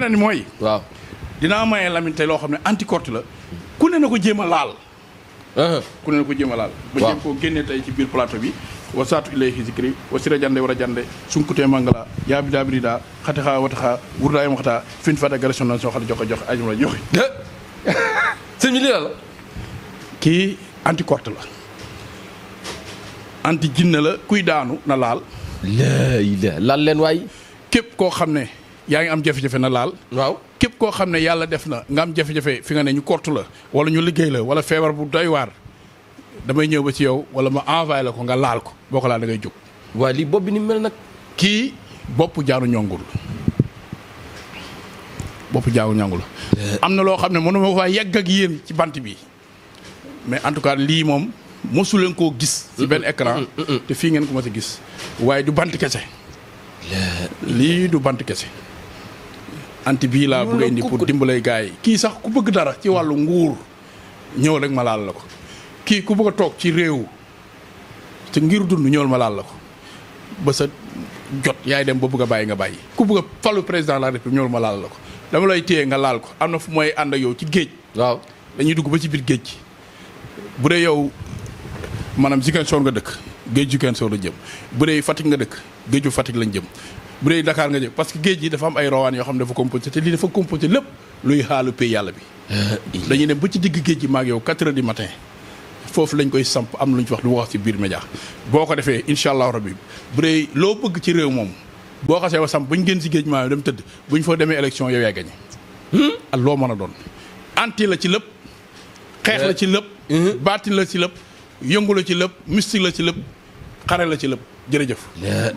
beneen mooy. waaw dinaa maye Lamine loo xam ne anticorte la ku ne na ko jéem a laal. Uh-huh. ku ne na ko jéem a laal. ba jéem koo génnee tey ci biir plateau bi. wasaatu ilayhi zikri wasira jande a jande sunkutee mangala yaabi daabiri daa xati xaa wata xaa wurdaayi maxtaa fin fada garasio nan soo xale joxe joxe ajum la joxe sëñ bi lii la kii anticorte la anti jinne la kuy daanu na laal la leen waay képp koo xam ne yaa ngi am jafe-jafe na laal waaw képp koo xam ne yàlla def na nga am jafe-jafe fi nga ne ñu kortu la wala ñu liggéey la wala feebar bu doy waar damay ñëw ba ci yow wala ma envoyé ko nga laal ko boo ko laal da ngay jóg waaye lii bopp bi ni mel nag kii bopp jaaru ñongul bopp jaaru ñongul euh. am na loo xam ne mënu ma faa yegg ak yéen ci bant bi mais en tout cas lii moom mosu leen koo gis ci benn écran te fii ngeen ko mos gis waaye du bant kese lii du bant kese anti bii laa bëgg a indi pour dimbalay gars yi kii sax ku bëgg dara ci wàllu nguur ñëw rek ma laal la ko kii ku bëgg a toog ci réew te ngir dund ñëwal ma laal la ko ba sa jot yaay dem ba bëgg a bàyyi nga bàyyi ku bëgg a falu président de la république ñëwal ma laal la ko dama lay téye nga laal ko am na fu mooy ànd ak yow ci géej waaw dañuy dugg ba ci biir géej gi bu dee yow maanaam Ziguinchor nga dëkk géej Ziguinchor la jëm bu dee Fatick nga dëkk géeju Fatick lañ jëm bu dee Dakar nga jëm parce que géej gi dafa am ay rawaan yoo xam ne dafa composé te lii dafa composé lépp luy xaalu pay yàlla bi ah, dañuy dem ba ci digg géej gi maag yow 4 heures du matin foofu lañ koy samp am lu ñu wax lu wax ci biir média boo ko defee incha allah rabbi bu dee loo bëgg ci réew moom boo xasee ba samp bu ñu génn si géej maa dem tëdd bu ñu fa demee élection yow yaay gañe hmm? ak loo mën a doon anti la ci lépp xeex la ci lépp hmm? baati la ci lépp yëngu ci lépp mystique la ci lépp xare la ci lépp jërëjëf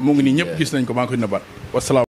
mu ngi nii ñëpp gis nañ ko maa ngi koy nabaat wasalaam